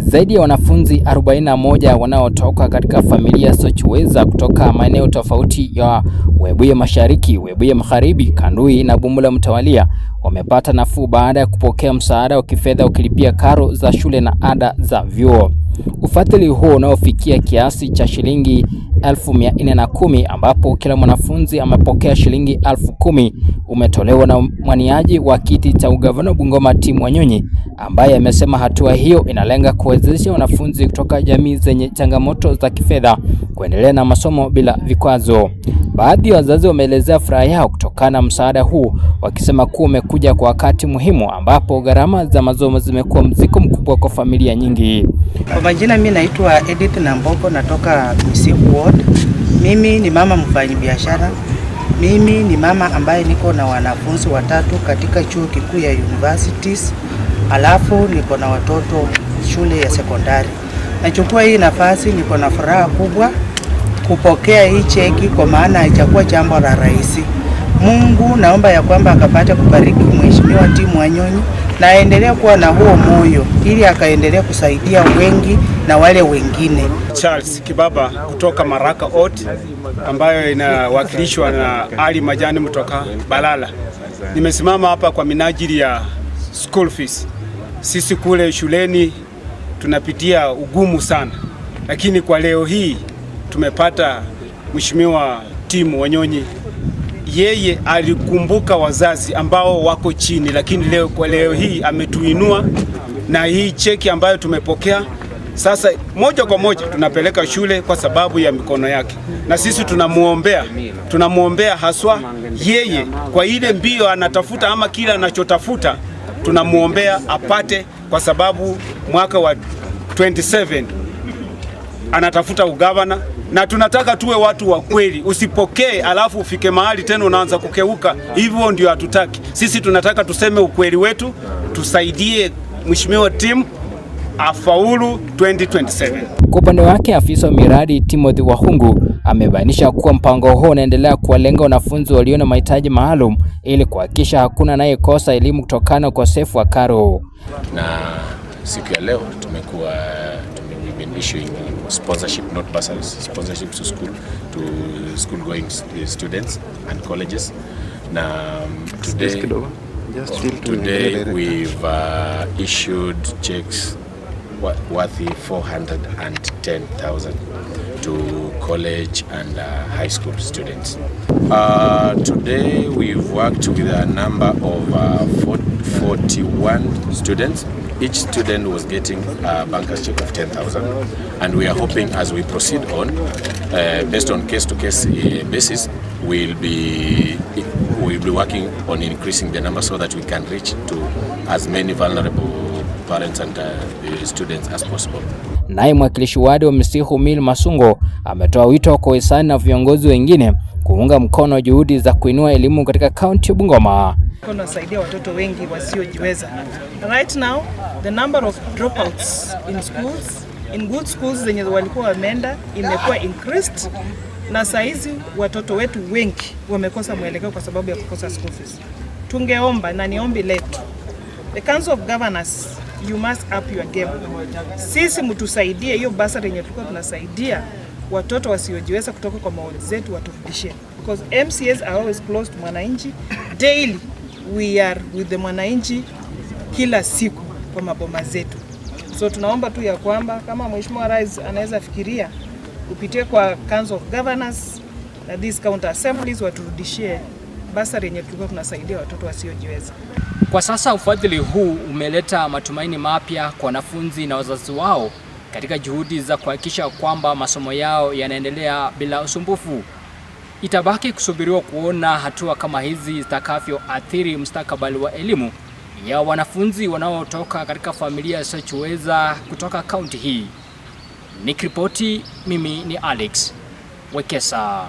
Zaidi ya wanafunzi 41 wanaotoka katika familia zisizojiweza kutoka maeneo tofauti ya Webuye Mashariki, Webuye Magharibi, Kandui na Bumula mtawalia wamepata nafuu baada ya kupokea msaada wa kifedha ukilipia karo za shule na ada za vyuo. Ufadhili huo unaofikia kiasi cha shilingi elfu mia nne na kumi ambapo kila mwanafunzi amepokea shilingi elfu kumi umetolewa na mwaniaji wa kiti cha ugavana Bungoma Tim Wanyonyi ambaye amesema hatua hiyo inalenga kuwezesha wanafunzi kutoka jamii zenye changamoto za kifedha kuendelea na masomo bila vikwazo. Baadhi ya wazazi wameelezea furaha yao kutokana na msaada huu, wakisema kuwa umekuja kwa wakati muhimu ambapo gharama za masomo zimekuwa mzigo mkubwa kwa familia nyingi. Kwa majina, mimi naitwa Edith Namboko, natoka Misiu Ward. Mimi ni mama mfanyabiashara biashara mimi ni mama ambaye niko na wanafunzi watatu katika chuo kikuu ya universities, alafu niko na watoto shule ya sekondari. Nachukua hii nafasi, niko na furaha kubwa kupokea hii cheki, kwa maana haijakuwa jambo la rahisi. Mungu naomba ya kwamba akapate kubariki mheshimiwa timu Wanyonyi na aendelee kuwa na huo moyo ili akaendelea kusaidia wengi na wale wengine. Charles Kibaba kutoka Maraka Ot ambayo inawakilishwa na Ali Majani kutoka Balala. Nimesimama hapa kwa minajili ya school fees. Sisi kule shuleni tunapitia ugumu sana, lakini kwa leo hii tumepata mheshimiwa timu Wanyonyi yeye alikumbuka wazazi ambao wako chini, lakini leo kwa leo hii ametuinua na hii cheki ambayo tumepokea sasa moja kwa moja tunapeleka shule kwa sababu ya mikono yake, na sisi tunamuombea tunamwombea haswa yeye kwa ile mbio anatafuta ama kila anachotafuta tunamwombea apate, kwa sababu mwaka wa 27 anatafuta ugavana na tunataka tuwe watu wa kweli. Usipokee alafu ufike mahali tena unaanza kukeuka, hivyo ndio hatutaki sisi. Tunataka tuseme ukweli wetu, tusaidie mheshimiwa timu afaulu 2027. Kwa upande wake, afisa wa miradi Timothy Wahungu amebainisha kuwa mpango huo unaendelea kuwalenga wanafunzi walio na mahitaji maalum ili kuhakikisha hakuna anayekosa elimu kutokana na ukosefu wa karo. Na siku ya leo tumekuwa issuing sponsorship, not bursaries, sponsorship to school, to school going eh, students and colleges. Now, um, today, oh, today we've uh, issued checks worthy 410,000 to college and uh, high school students. Uh, today we've worked with a number of uh, 41 students each student was getting a banker's check of 10,000 and we are hoping as we proceed on uh, based on case to case basis we'll be we'll be working on increasing the number so that we can reach to as many vulnerable parents and uh, students as possible. Naye mwakilishi wadi wa Msihu Mil Masungo ametoa wito kwa hisani na viongozi wengine kuunga mkono juhudi za kuinua elimu katika kaunti ya Bungoma. Tunasaidia watoto wengi wasiojiweza. Right now the number of dropouts in schools in good schools zenye walikuwa wameenda imekuwa increased na saizi watoto wetu wengi wamekosa mwelekeo kwa sababu ya kukosa school fees. Tungeomba na niombi letu the Council of Governors you must up your game. Sisi mtusaidie hiyo basa yenye tulikuwa tunasaidia watoto wasiojiweza kutoka kwa maoni zetu waturudishie, because MCAs are always close to mwananchi. Daily we are with the mwananchi kila siku kwa maboma zetu, so tunaomba tu ya kwamba kama Mheshimiwa Rais anaweza fikiria kupitia kwa Council of Governors na these county assemblies waturudishie basa yenye tulikuwa tunasaidia watoto wasiojiweza. Kwa sasa ufadhili huu umeleta matumaini mapya kwa wanafunzi na wazazi wao katika juhudi za kuhakikisha kwamba masomo yao yanaendelea bila usumbufu. Itabaki kusubiriwa kuona hatua kama hizi zitakavyoathiri mustakabali wa elimu ya wanafunzi wanaotoka katika familia zisizojiweza kutoka kaunti hii. Nikiripoti mimi ni Alex Wekesa.